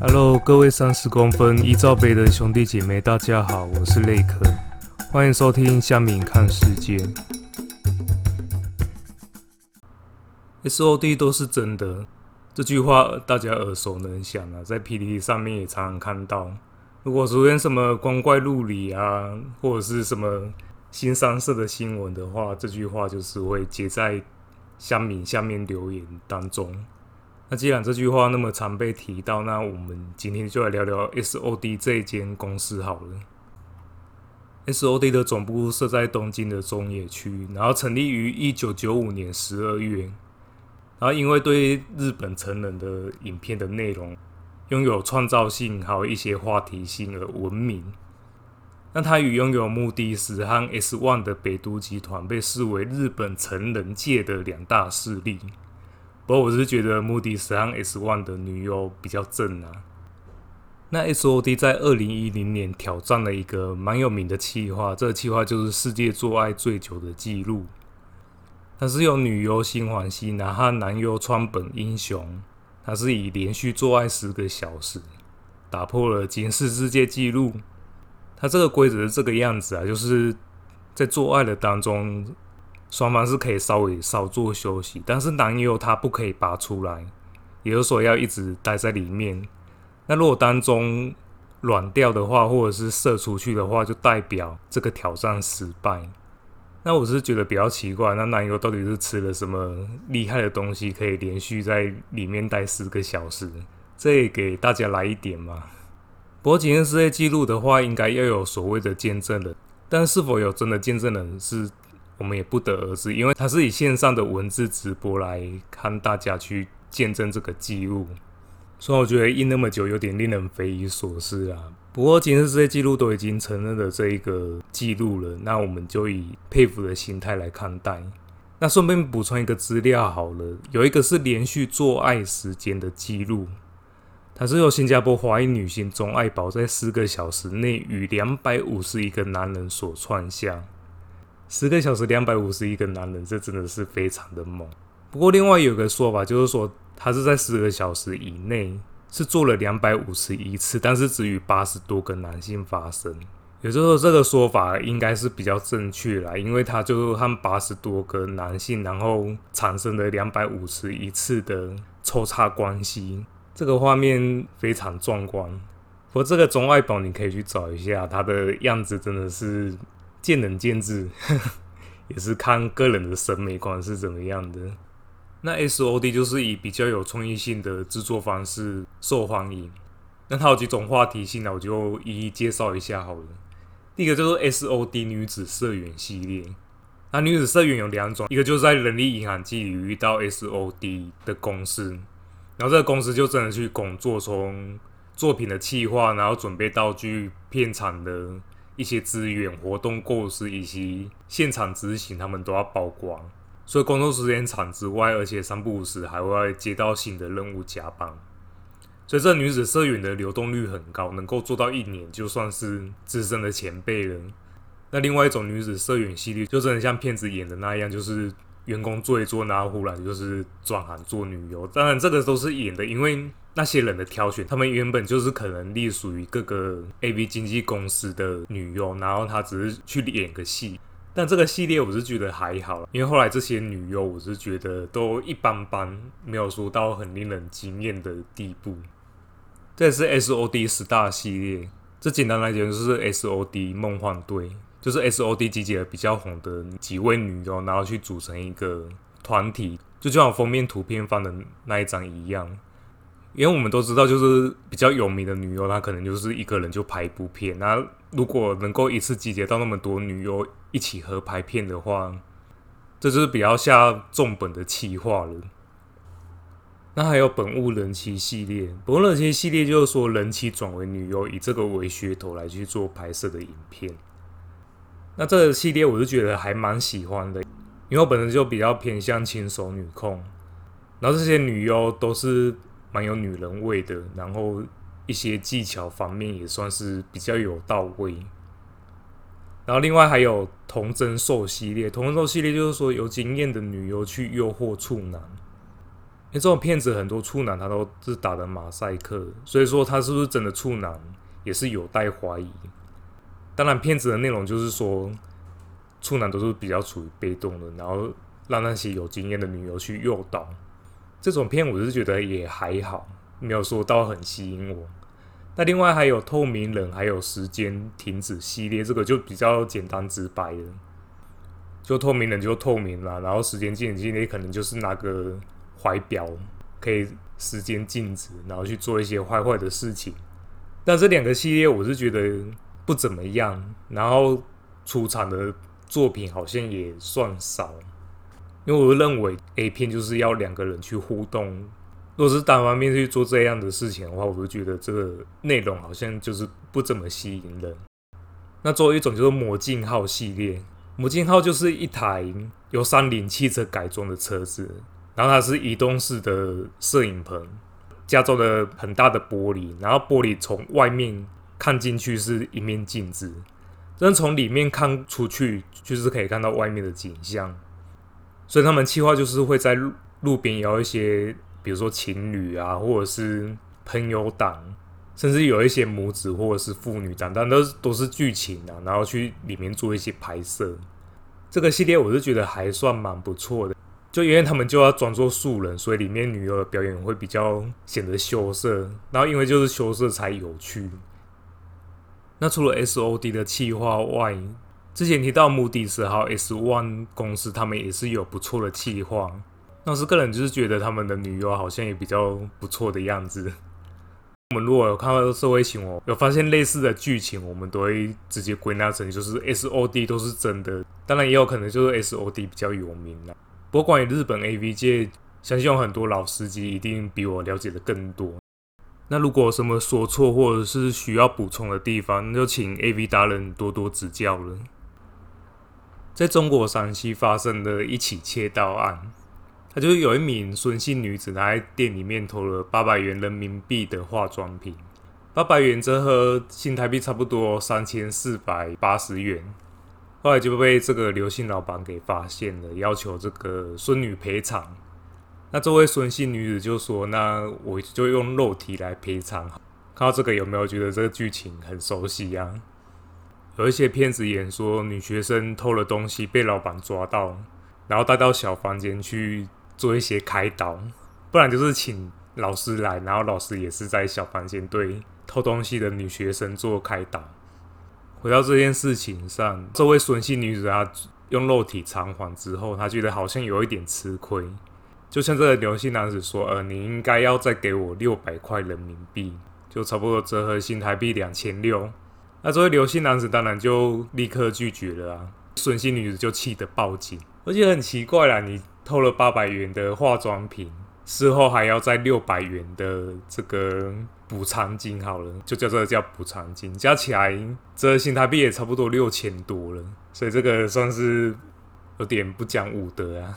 Hello，各位三十公分一罩杯的兄弟姐妹，大家好，我是雷克，歡迎收聽鄉民看世界。S O D 都是真的，這句話大家耳熟能詳啊，在 P T T 上面也常常看到。如果出現什麼光怪陸離啊，或者是什麼新三色的新聞的話，這句話就是會接在鄉民下面留言當中。那既然這句話那麼常被提到，那我們今天就來聊聊 SOD 這間公司好了。SOD 的總部設在東京的中野區，然後成立於一九九五年十二月。然後因為對日本成人的影片的內容擁有創造性，還有一些話題性而聞名。那它與擁有目的是和 S1 的北都集團被視為日本成人界的兩大勢力。不過我是覺得 Moodyz S One 的女優比較正啊。那 SOD 在二零一零年挑戰了一個蠻有名的企劃，這個企劃就是世界做愛最久的記錄。它是用女優新垣希娜和男優川本英雄，它是以連續做愛十個小時，打破了金氏世界紀錄。它這個規則是這個樣子啊，就是在做愛的當中，雙方是可以稍微稍作休息，但是男友他不可以拔出來，也就說要一直待在裡面。那如果當中軟掉的話，或者是射出去的話，就代表這個挑戰失敗。那我是覺得比較奇怪，那男友到底是吃了什麼厲害的東西，可以連續在裡面待十個小時？這也給大家來一點嘛。不過檢驗這些記錄的話，應該要有所謂的見證人，但是否有真的見證人是？我們也不得而知，因為他是以線上的文字直播來看大家去見證這個記錄，所以我覺得印那麼久有點令人匪夷所思啊。不過，今天這些記錄都已經承認了這一個記錄了，那我們就以佩服的心態來看待。那順便補充一個資料好了，有一個是連續做愛時間的記錄，他是由新加坡華裔女性鍾愛寶在四個小時內與兩百五十一個男人所創下。十個小時兩百五十一個男人，這真的是非常的猛。不過另外有個說法，就是說他是在十個小時以內是做了兩百五十一次，但是只與八十多個男性發生。也就是說，這個說法應該是比較正確啦，因為他就和八十多個男性，然後產生了兩百五十一次的抽插關係。這個畫面非常壯觀，不過這個中外寶你可以去找一下，他的樣子真的是。見仁見智，呵呵，也是看個人的審美觀是怎麼樣的。那 SOD 就是以比較有創意性的制作方式受歡迎。那它有幾種話題性呢？我就一一介紹一下好了。第一個就是 SOD 女子社員系列。那女子社員有兩種，一個就是在人力銀行寄予遇到 SOD 的公司，然後這個公司就真的去工作，從作品的企劃，然後準備道具、片場的。一些資源活動構思以及現場執行，他們都要曝光，所以工作時間長之外，而且三不五時還會接到新的任務加班。所以這女子社員的流動率很高，能夠做到一年就算是資深的前輩了。那另外一種女子社員系列，就真的像騙子演的那樣，就是員工做一做，然後忽然就是轉行做女優。當然這個都是演的，因為。那些人的挑選，他們原本就是可能隸屬於各個 AV 經紀公司的女優，然後他只是去演個戲。但這個系列我是覺得還好，因為後來這些女優我是覺得都一般般，沒有說到很令人驚艷的地步。這也是 S O D 十大系列，這簡單來講就是 S O D 夢幻隊，就是 S O D 集結的比較紅的幾位女優，然後去組成一個團體，就就像封面圖片放的那一張一樣。因為我們都知道，就是比較有名的女優，她可能就是一個人就拍一部片。那如果能夠一次集結到那麼多女優一起合拍片的話，這就是比較下重本的企劃了。那還有本物人妻系列，本物人妻系列就是說人妻轉為女優，以這個為噱頭來去做拍攝的影片。那這個系列我是覺得還蠻喜歡的，因為我本身就比較偏向輕熟女控，然後這些女優都是。蠻有女人味的，然後一些技巧方面也算是比較有到位。然後另外還有童貞獸系列，童貞獸系列就是說有經驗的女優去誘惑處男。因為這種片子很多處男他都是打的馬賽克，所以說他是不是真的處男也是有待懷疑。當然，片子的內容就是說處男都是比較處於被動的，然後讓那些有經驗的女優去誘導。這種片我是覺得也還好，沒有說到很吸引我。那另外還有《透明人》還有《時間停止》系列，這個就比較簡單直白了。就透明人就透明了，然後時間靜止系列可能就是拿個懷錶可以時間靜止，然後去做一些壞壞的事情。那這兩個系列我是覺得不怎麼樣，然後出場的作品好像也算少。因為我認為 A 片就是要兩個人去互動，如果是單方面去做這樣的事情的話，我就覺得這個內容好像就是不怎麼吸引人。那作為一種就是魔鏡號系列，魔鏡號就是一台由三菱汽車改裝的車子，然後它是移動式的攝影棚，加裝了很大的玻璃，然後玻璃從外面看進去是一面鏡子，但從裡面看出去就是可以看到外面的景象。所以他們企劃，就是會在路路邊邀一些，比如說情侶啊，或者是朋友檔，甚至有一些母子或者是父女檔，但都都是劇情啊，然後去裡面做一些拍攝。這個系列我是覺得還算蠻不錯的，就因為他們就要裝作素人，所以裡面女優的表演會比較顯得羞澀，然後因為就是羞澀才有趣。那除了 SOD 的企劃外，之前提到穆迪斯還有 S One 公司，他們也是有不錯的企劃。那我個人就是覺得他們的女優好像也比較不錯的樣子。 我們如果有看到社會新聞，有發現類似的劇情，我們都會直接歸納成就是 S O D 都是真的。當然也有可能就是 S O D 比較有名了。不過關於日本 A V 界，相信有很多老司機一定比我了解得更多。那如果有什麼說錯或者是需要補充的地方，那就請 A V 達人多多指教了。在中國山西發生了一起竊盜案，他就是有一名孫姓女子，她在店裡面偷了八百元人民幣的化妝品，八百元折合新台幣差不多三千四百八十元，後來就被這個劉姓老板給發現了，要求這個孫女賠償。那這位孫姓女子就說：“那我就用肉體來賠償。”看到這個有沒有覺得這個劇情很熟悉呀、啊？有一些片子，演說女學生偷了東西被老闆抓到，然後帶到小房間去做一些開導，不然就是請老師來，然後老師也是在小房間對偷東西的女學生做開導。回到這件事情上，這位孫姓女子她用肉體償還之後，她覺得好像有一點吃虧。就像這個劉姓男子說：“呃，你應該要再給我六百塊人民幣，就差不多折合新台幣兩千六。”那、啊、這位劉姓男子當然就立刻拒絕了啊，孫姓女子就氣得報警，而且很奇怪啦，你偷了八百元的化妝品，事後還要再六百元的這個補償金，好了，就叫這個叫補償金，加起來折，這個、新台幣也差不多六千多了，所以這個算是有點不講武德啊。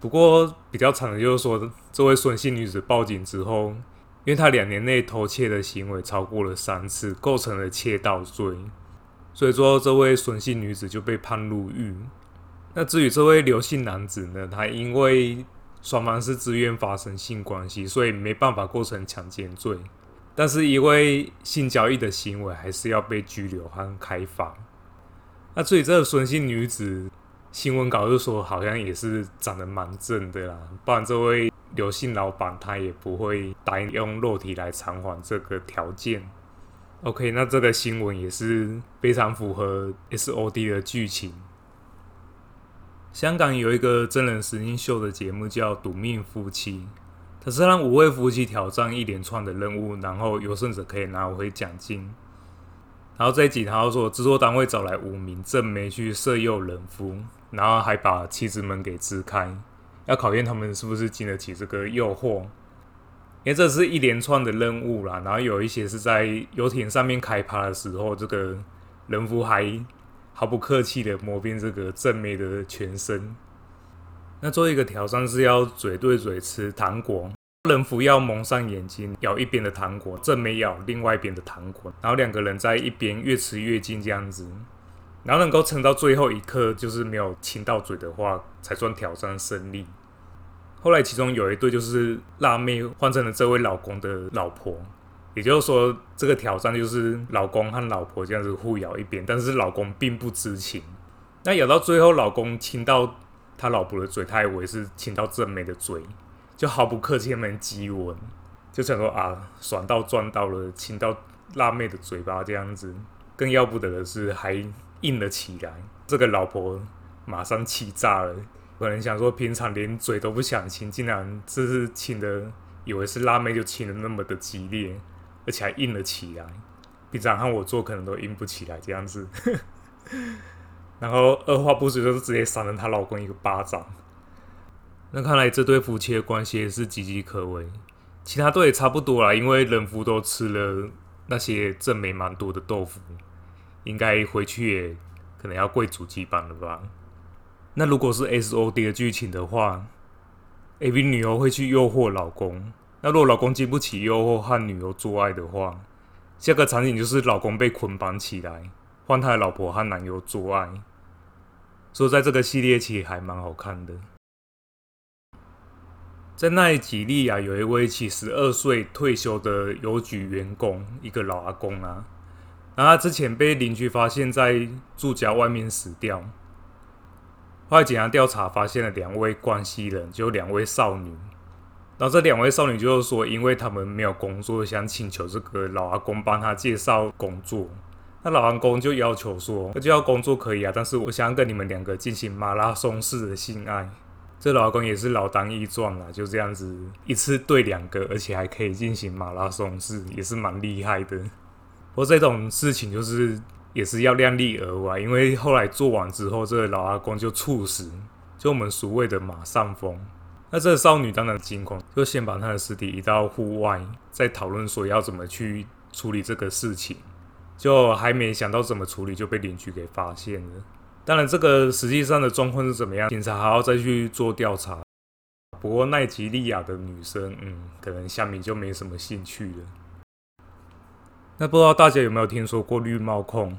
不過比較慘的就是說，這位孫姓女子報警之後。因為他兩年內偷竊的行為超過了三次，構成了竊盜罪，所以說這位孫姓女子就被判入獄。那至於這位劉姓男子呢，他因為雙方是自願發生性關係，所以沒辦法構成強姦罪，但是因為性交易的行為，還是要被拘留和開房。那至於這個孫姓女子，新聞稿就說好像也是長得蠻正的啦，不然這位。劉姓老板他也不會答應用肉體來償還這個條件。OK，那這個新聞也是非常符合 SOD 的劇情。香港有一個真人實境秀的節目叫《賭命夫妻》，它是讓五位夫妻挑戰一連串的任務，然後優勝者可以拿回獎金。然後這一集他說制作單位找來五名正妹去色誘人夫，然後還把妻子們給支開。要考驗他們是不是經得起這個誘惑，因為這是一連串的任務啦。然後有一些是在遊艇上面開趴的時候，這個人夫還毫不客氣地摸遍這個正妹的全身。那最後一個挑戰是要嘴對嘴吃糖果，人夫要蒙上眼睛咬一邊的糖果，正妹咬另外一邊的糖果，然後兩個人在一邊越吃越近這樣子。然後能夠撐到最後一刻，就是沒有親到嘴的話，才算挑戰勝利。後來其中有一對就是辣妹換成了這位老公的老婆，也就是說，這個挑戰就是老公和老婆這樣子互咬一遍，但是老公並不知情。那咬到最後，老公親到他老婆的嘴，他以為是親到正妹的嘴，就毫不客氣，他們激吻，就想說啊，爽到賺到了，親到辣妹的嘴巴這樣子。更要不得的是還。硬了起來，這個老婆馬上氣炸了，可能想說平常連嘴都不想親，竟然這是親的，以為是辣妹就親的那麼的激烈，而且還硬了起來，平常看我做可能都硬不起來這樣子。 然後二話不說就是直接扇了她老公一個巴掌。那看來這對夫妻的關係也是岌岌可危，其他都也差不多啦，因為人夫都吃了那些正妹蠻多的豆腐。應該回去也可能要貴主機板了吧？那如果是 SOD 的劇情的話，AV 女優會去誘惑老公。那如果老公經不起誘惑和女優做愛的話，下個場景就是老公被捆綁起來，換他的老婆和男友做愛。所以在這個系列其實還蠻好看的。在奈及利亞有一位七十二歲退休的郵局員工，一個老阿公啊。然後他之前被鄰居發現，在住家外面死掉。後來警察調查，發現了兩位關係人，就兩位少女。然後這兩位少女就是說，因為他們沒有工作，想請求這個老阿公幫他介紹工作。那老阿公就要求說：“那就要工作可以啊，但是我想跟你們兩個進行馬拉松式的性愛。”這老阿公也是老當益壯了，就這樣子一次對兩個，而且還可以進行馬拉松式，也是蠻厲害的。不過這種事情就是也是要量力而為，因為後來做完之後，這個老阿公就猝死，就我們所謂的馬上風。那這個少女當然驚恐，就先把她的屍體移到戶外，再討論說要怎麼去處理這個事情。就還沒想到怎麼處理，就被鄰居給發現了。當然，這個實際上的狀況是怎麼樣？警察還要再去做調查。不過，奈及利亞的女生，嗯，可能下面就沒什麼興趣了。那不知道大家有沒有聽說過綠帽控？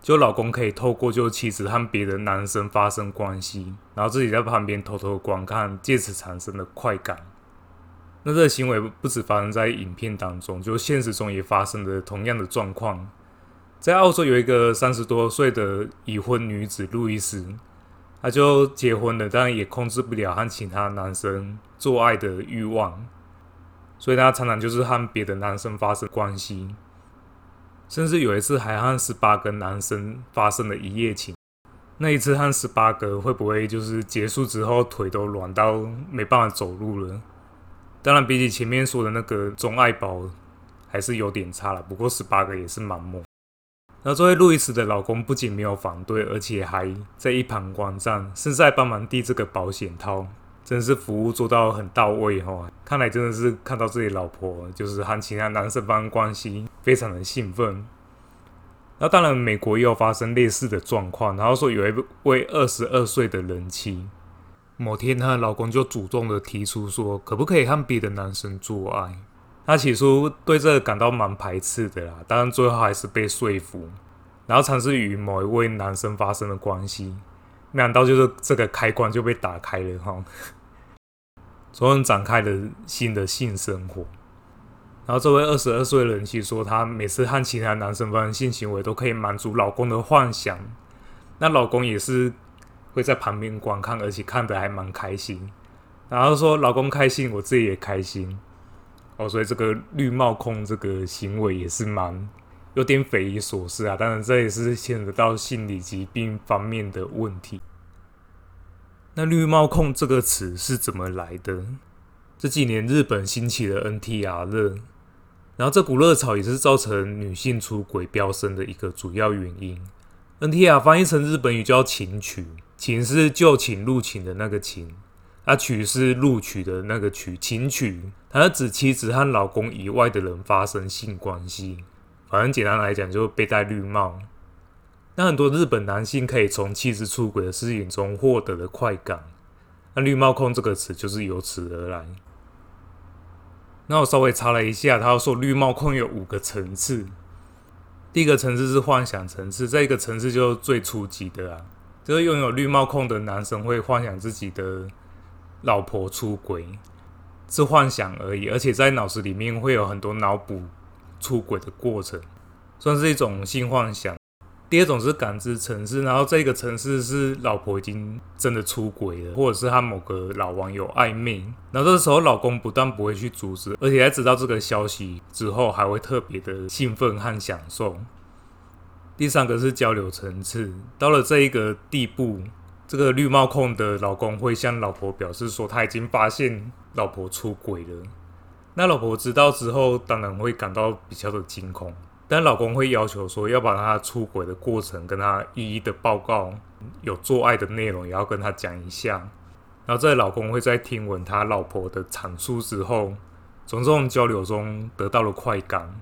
就老公可以透過，就妻子和別的男生發生關係，然後自己在旁邊偷偷的觀看，借此產生的快感。那這個行為不止發生在影片當中，就現實中也發生了同樣的狀況。在澳洲有一個三十多歲的已婚女子路易斯，她就結婚了，但也控制不了和其他男生做愛的欲望，所以她常常就是和別的男生發生關係。甚至有一次還和十八個男生發生了一夜情，那一次和十八個會不會就是結束之後腿都軟到沒辦法走路了？當然，比起前面說的那個鍾愛寶，還是有點差了。不過十八個也是蠻猛。那作為路易斯的老公，不僅沒有反對，而且還在一旁觀戰，甚至還幫忙遞這個保險套。真的是服務做到很到位吼！看來真的是看到自己老婆就是和其他男生發生關係，非常的興奮。那當然，美國也有發生類似的狀況。然後說有一位二十二歲的人妻，某天她的老公就主動的提出說，可不可以和別的男生做愛？她起初對這個感到蠻排斥的啦，當然最後還是被說服，然後嘗試與某一位男生發生了關係。沒想到就是這個開關就被打開了哈，主動展開了新的性生活。然後這位二十二歲的人其實說，她每次和其他男生發生性行為都可以滿足老公的幻想，那老公也是會在旁邊觀看，而且看的還蠻開心。然後說老公開心，我自己也開心。哦，所以這個綠帽控這個行為也是蠻。有點匪夷所思啊！當然，這也是牽扯到心理疾病方面的問題。那“綠帽控”這個詞是怎麼來的？這幾年日本興起的 NTR 熱，然後這股熱潮也是造成女性出軌飆升的一個主要原因。NTR 翻譯成日本語叫“寢取”，“寢”是就寢入寢的那個“寢”，啊，“取”是錄取的那個“取”，寢取它是指妻子和老公以外的人發生性關係。很簡單來講，就是被戴綠帽。那很多日本男性可以從妻子出軌的事情中獲得的快感，那“綠帽控”這個詞就是由此而來。那我稍微查了一下，他說綠帽控有五個層次。第一個層次是幻想層次，這個層次就是最初級的啊，就是擁有綠帽控的男生會幻想自己的老婆出軌，是幻想而已，而且在腦子裡面會有很多腦補。出軌的過程算是一種性幻想。第二種是感知層次，然後這個層次是老婆已經真的出軌了，或者是和某個老網友曖昧。那這時候老公不但不會去阻止，而且在知道這個消息之後還會特別的興奮和享受。第三個是交流層次，到了這一個地步，這個綠帽控的老公會向老婆表示說他已經發現老婆出軌了。那老婆知道之後，當然會感到比較的驚恐，但老公會要求說要把他出軌的過程跟他一一的報告，有做愛的內容也要跟他講一下。然後在老公會在聽聞他老婆的闡述之後，從這種交流中得到了快感。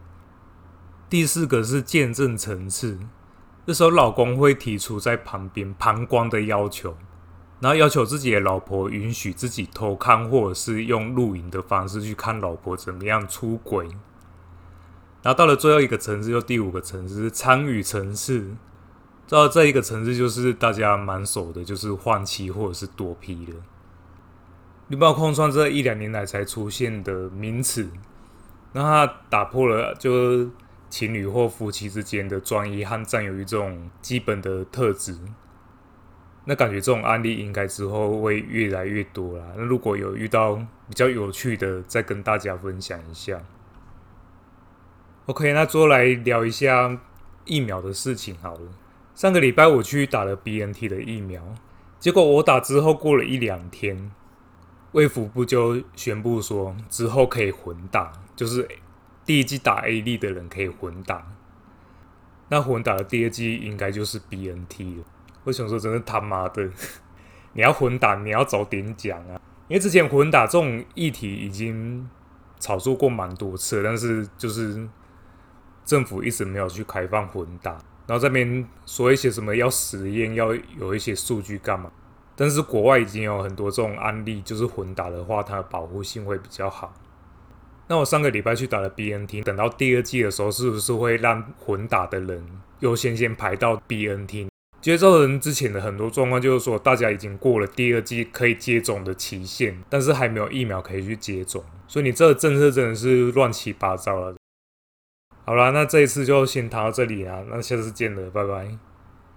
第四個是見證層次，那時候老公會提出在旁邊旁觀的要求。然後要求自己的老婆允許自己偷看，或者是用錄影的方式去看老婆怎麼樣出軌。然後到了最後一個層次，就第五個層次，參與層次。到了這一個層次，就是大家蠻熟的，就是換妻或者是多 P 的。你不要看上這一兩年來才出現的名詞，那它打破了就是情侶或夫妻之間的專一和占有一種基本的特質。那感覺這種案例應該之後會越來越多了。那如果有遇到比較有趣的，再跟大家分享一下。OK，那最後來聊一下疫苗的事情好了。上個禮拜我去打了 BNT 的疫苗，結果我打之後過了一兩天，衛福部就宣布說之後可以混打，就是第一季打 A 粒的人可以混打。那混打的第二季應該就是 BNT 了。我想說，真的他媽的！你要混打，你要早點講啊！因為之前混打這種議題已經炒作過蠻多次，但是就是政府一直沒有去開放混打。然後這邊說一些什麼要實驗，要有一些數據幹嘛？但是國外已經有很多這種案例，就是混打的話，它的保護性會比較好。那我上個禮拜去打了 BNT，等到第二季的時候，是不是會讓混打的人優先先排到 BNT 呢？接種人之前的很多狀況就是說，大家已經過了第二劑可以接種的期限，但是還沒有疫苗可以去接種，所以你這個政策真的是亂七八糟了。好了，那這一次就先談到這裡啦，那下次見了，拜拜。